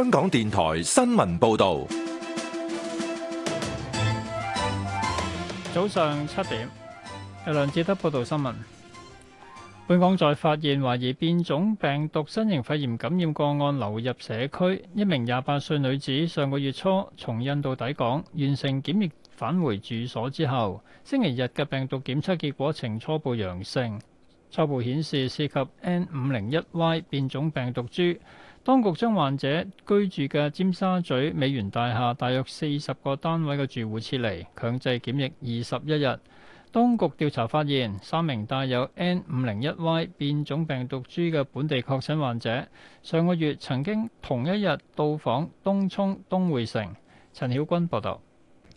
香港電台新聞報道，早上七點，由梁志德報道新聞。本港在發現懷疑變種病毒新型肺炎感染個案流入社區，一名廿八歲女子上個月初從印度抵港，完成檢疫返回住所之後，星期日嘅病毒檢測結果呈初步陽性，初步顯示涉及 N 五零一 Y 變種病毒株。當局將患者居住嘅尖沙咀美元大廈大約四十個單位嘅住戶撤離，強制檢疫二十一日。當局調查發現，三名帶有 N 五零一 Y 變種病毒株嘅本地確診患者上個月曾經同一日到訪東涌東匯城。陳曉君報道。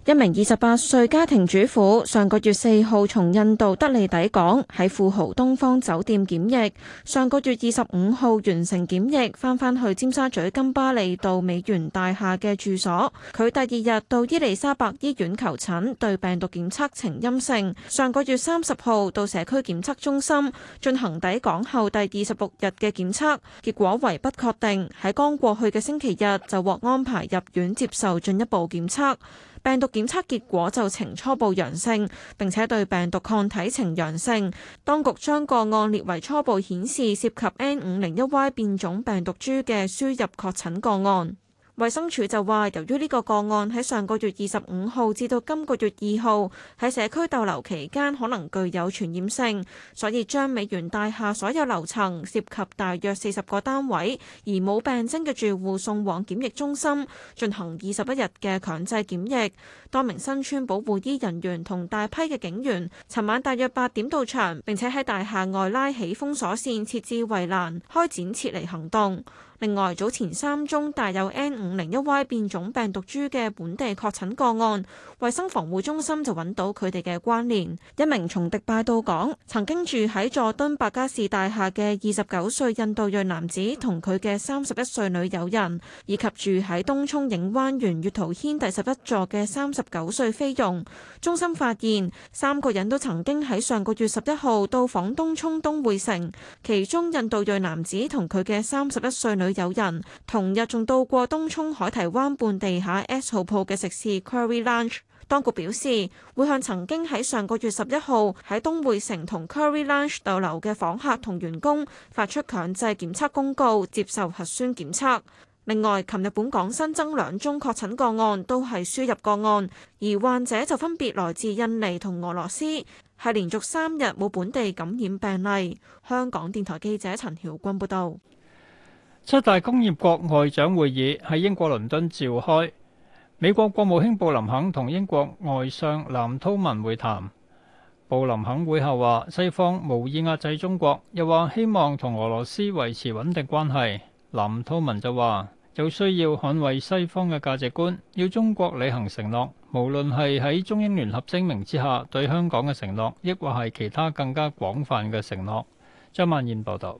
一名二十八歲家庭主婦上個月四號從印度德里抵港，喺富豪東方酒店檢疫。上個月二十五號完成檢疫，翻返去尖沙咀金巴利道美元大廈嘅住所。佢第二日到伊利沙伯醫院求診，對病毒檢測呈陰性。上個月三十號到社區檢測中心進行抵港後第二十六日嘅檢測，結果為不確定。喺剛過去嘅星期日就獲安排入院接受進一步檢測。病毒檢測結果就呈初步陽性，並且對病毒抗體呈陽性。當局將個案列為初步顯示涉及 N501Y 變種病毒株嘅輸入確診個案。衛生署就話，由於呢個個案喺上個月二十五號至到今個月二號喺社區逗留期間可能具有傳染性，所以將美元大廈所有樓層涉及大約四十個單位而冇病徵嘅住戶送往檢疫中心進行二十一日嘅強制檢疫。多名身穿保護衣人員同大批嘅警員尋晚大約八點到場，並且喺大廈外拉起封鎖線，設置圍欄，開展撤離行動。另外，早前三宗帶有 N 五零一 Y 變種病毒株嘅本地確診個案，衛生防護中心就揾到佢哋嘅關聯。一名從迪拜到港，曾經住喺佐敦百家士大廈嘅二十九歲印度裔男子，同佢嘅三十一歲女友人，以及住喺東涌映灣園月圖軒第十一座嘅三十九歲菲傭，中心發現三個人都曾經喺上個月十一號到訪東涌東薈城，其中印度裔男子同佢嘅三十一歲女有人同日仲到過東涌海堤灣畔地下 S 號鋪嘅食肆 Curry Lunch。當局表示會向曾經喺上個月十一號喺東薈城同 Curry Lunch 逗留嘅訪客同員工發出強制檢測公告，接受核酸檢測。另外，琴日本港新增兩宗確診個案，都係輸入個案，而患者就分別來自印尼同俄羅斯，係連續三日冇本地感染病例。香港電台記者陳曉君報道。七大工業國外長會議喺英國倫敦召開，美國國務卿布林肯同英國外相藍韜文會談。布林肯會後話：西方無意壓制中國，又話希望同俄羅斯維持穩定關係。藍韜文就話：就需要捍衛西方嘅價值觀，要中國履行承諾，無論係喺中英聯合聲明之下對香港嘅承諾，抑或係其他更加廣泛嘅承諾。張曼燕報導。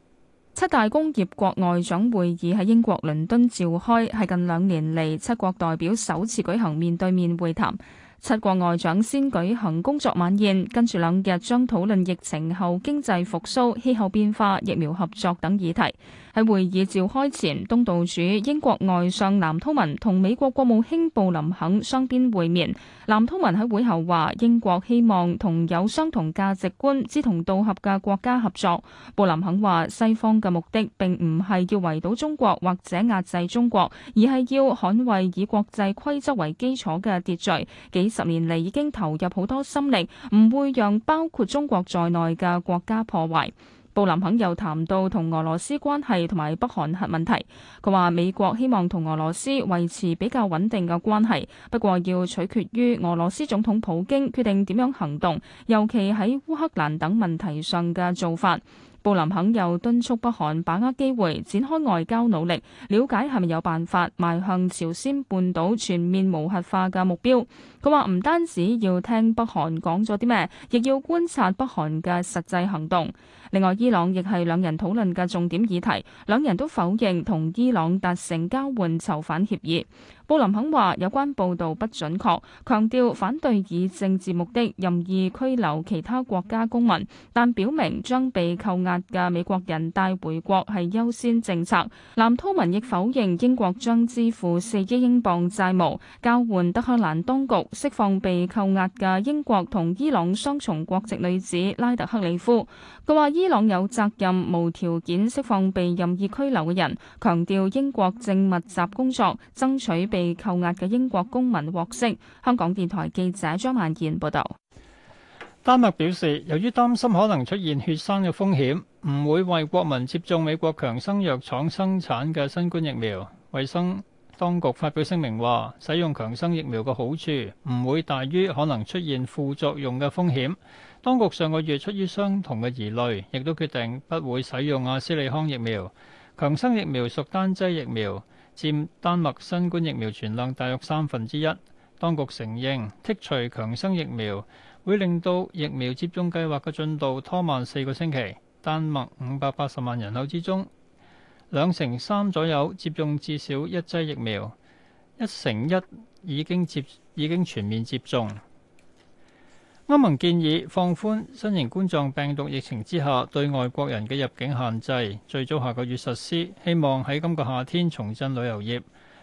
七大工業國外長會議喺英國倫敦召開，係近兩年嚟七國代表首次舉行面對面會談。七國外長先舉行工作晚宴，跟住兩日將討論疫情後經濟復甦、氣候變化、疫苗合作等議題。喺會議召開前，東道主英國外相藍韜文同美國國務卿布林肯雙邊會面。藍韜文喺會後話：英國希望同有相同價值觀、志同道合嘅國家合作。布林肯話：西方嘅目的並唔係要圍堵中國或者壓制中國，而係要捍衛以國際規則為基礎嘅秩序。幾十年嚟已經投入好多心力，唔會讓包括中國在內嘅國家破壞。布林肯又談到同俄羅斯關係同埋北韓核問題，佢話美國希望同俄羅斯維持比較穩定嘅關係，不過要取決於俄羅斯總統普京決定點樣行動，尤其喺烏克蘭等問題上嘅做法。布林肯又敦促北韓把握機會展開外交努力，了解係咪有辦法邁向朝鮮半島全面無核化嘅目標，佢話唔單止要聽北韓講咗啲咩，亦要觀察北韓嘅實際行動，另外，伊朗亦係兩人討論嘅重點議題，兩人都否認同伊朗達成交換囚犯協議。布林肯話有關報道不準確，強調反對以政治目的任意拘留其他國家公民，但表明將被扣押嘅美國人帶回國係優先政策。藍韜文亦否認英國將支付四億英鎊債務，交換德黑蘭當局釋放被扣押嘅英國同伊朗雙重國籍女子拉特克里夫。佢話伊朗有責任無條件釋放被任意拘留嘅人，強調英國正密集工作爭取被。被扣押嘅英國公民獲釋。香港電台記者張萬賢報道。丹麥表示，由於擔心可能出現血栓嘅風險，唔會為國民接種美國強生藥廠生產嘅新冠疫苗。衞生當局發表聲明話，使用強生疫苗嘅好處唔會大於可能出現副作用嘅風險。當局上個月出於相同嘅疑慮，亦都決定不會使用阿斯利康疫苗。強生疫苗屬單劑疫苗。佔丹麥新冠疫苗存量大約三分之一。當局承認剔除強生疫苗，會令到疫苗接種計劃嘅進度拖慢四個星期。丹麥五百八十萬人口之中，兩成三左右接種至少一劑疫苗，一成一已經接，已經全面接種。歐盟建議放寬新型冠狀病毒疫情之下對外國人嘅入境限制，最早下個月實施，希望喺今個夏天重振旅遊業。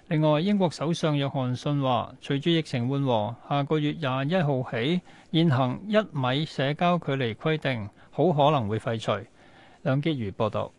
另外，英國首相約翰遜話，隨住疫情緩和，下個月廿一號起現行一米社交距離規定好可能會廢除。梁潔如報導。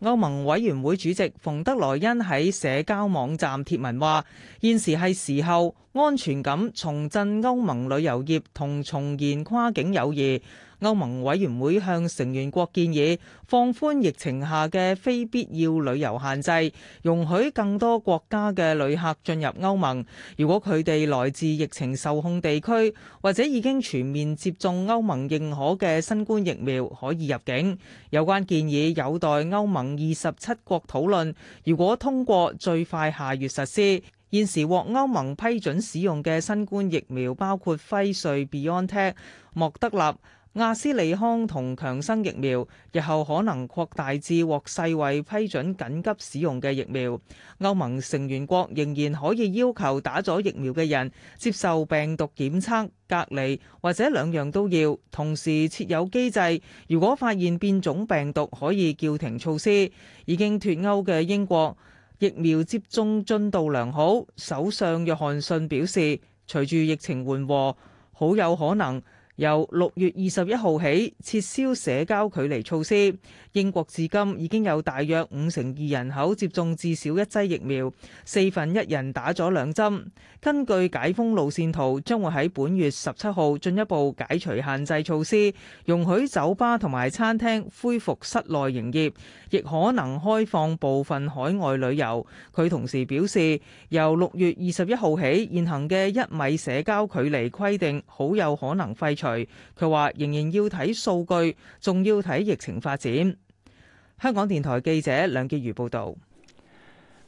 歐盟委員會主席馮德萊恩喺社交網站貼文話：現時係時候。安全感、重振歐盟旅遊業同重燃跨境友誼。歐盟委員會向成員國建議放寬疫情下嘅非必要旅遊限制，容許更多國家嘅旅客進入歐盟。如果佢哋來自疫情受控地區或者已經全面接種歐盟認可嘅新冠疫苗，可以入境。有關建議有待歐盟二十七國討論，如果通過最快下月實施。現時獲歐盟批准使用嘅新冠疫苗包括輝瑞、BioNTech、莫德納、阿斯利康同強生疫苗，日後可能擴大至獲世衛批准緊急使用嘅疫苗。歐盟成員國仍然可以要求打咗疫苗嘅人接受病毒檢測、隔離或者兩樣都要，同時設有機制，如果發現變種病毒，可以叫停措施。已經脫歐嘅英國。疫苗接種進度良好，首相約翰遜表示，隨住疫情緩和，好有可能。由六月二十一號起，撤銷社交距離措施。英國至今已經有大約五成二人口接種至少一劑疫苗，四分一人打咗兩針，根據解封路線圖將會喺本月十七號進一步解除限制措施，容許酒吧同埋餐廳恢復室內營業，亦可能開放部分海外旅遊，佢同時表示，由六月二十一號起，現行嘅一米社交距離規定好有可能廢除。佢佢話仍然要睇數據，仲要睇疫情發展。香港電台記者梁潔如報道，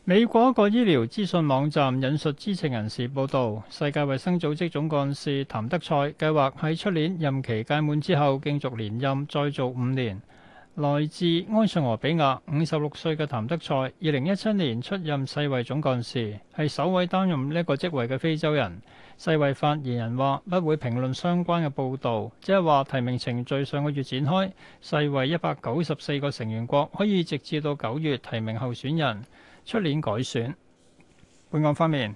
美國一個醫療資訊網站引述知情人士報道，世界衛生組織總幹事譚德塞計劃喺出年任期屆滿之後，競逐連任，再做五年。來自埃塞俄比亞五十六歲嘅譚德賽，二零一七年出任世衛總幹事，係首位擔任呢一個職位嘅非洲人。世衛發言人話不會評論相關嘅報道，即係話提名程序上個月展開，世衛一百九十四個成員國可以直至到九月提名候選人，出年改選。本案方面。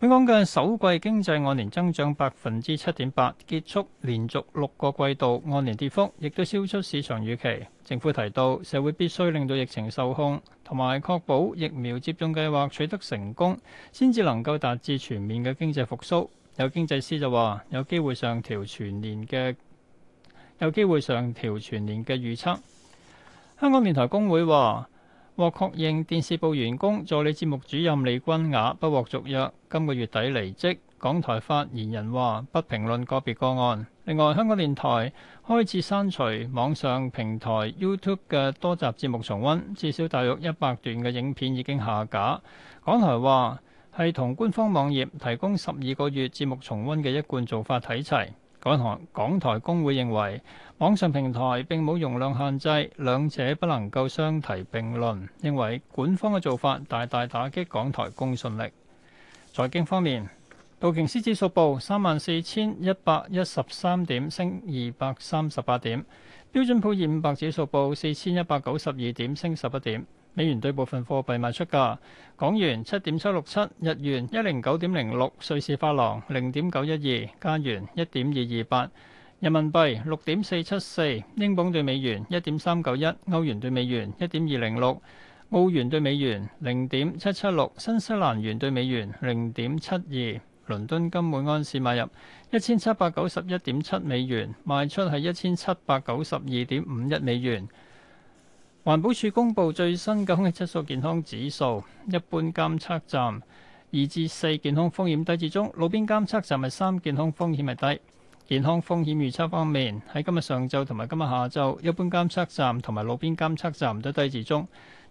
香港嘅首季經濟按年增長百分之七點八，結束連續六個季度按年跌幅，亦都超出市場預期。政府提到，社會必須令到疫情受控，同埋確保疫苗接種計劃取得成功，先至能夠達至全面嘅經濟復甦。有經濟師就話有機會上調全年嘅有機會上調全年嘅預測。香港電台工會話獲確認，電視部員工助理節目主任李君雅不獲續約。今個月底離職，港台發言人話不評論個別個案。另外，香港電台開始刪除網上平台 YouTube 嘅多集節目重溫，至少大約一百段嘅影片已經下架。港台話係同官方網頁提供十二個月節目重溫嘅一貫做法睇齊。港台港台工會認為網上平台並冇容量限制，兩者不能夠相提並論，認為官方嘅做法大大打擊港台公信力。財經方面，道瓊斯指數報三萬四千一百一十三點，升二百三十八點；標準普爾五百指數報四千一百九十二點，升十一點。美元對部分貨幣賣出價：港元七點七六七，日元一零九點零六，瑞士法郎零點九一二，加元一點二二八，人民幣六點四七四，英鎊對美元一點三九一，歐元對美元一點二零六。澳元兌美元零點七七六，新西蘭元兌美元零點七二，倫敦金每安士買入一千七百九十一點七美元，賣出係一千七百九十二點五一美元。環保署公布最新嘅空氣質素健康指數，一般監測站二至四健康風險低至中，路邊監測站係三健康風險係低。健康風險預測方面喺今日上晝同埋今日下晝一般監測站同埋路邊監測站都低至中。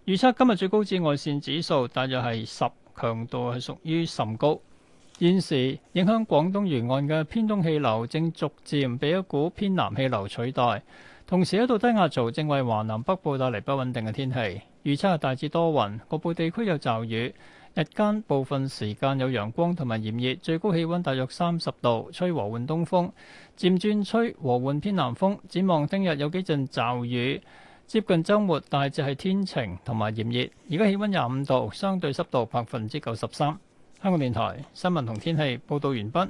預測今日最高紫外線指數大約係十，強度係屬於甚高。現時影響廣東沿岸嘅偏東氣流正逐漸被一股偏南氣流取代，同時一道低壓槽正為華南北部帶嚟不穩定嘅天氣。預測係大致多雲，局部地區有驟雨，日間部分時間有陽光同埋炎熱，最高氣温大約三十度，吹和緩東風，漸轉吹和緩偏南風。展望聽日有幾陣驟雨。接近周末，大致係天晴同埋炎熱，而家氣溫廿五度，相對濕度百分之九十三。香港電台新聞同天氣報道完畢。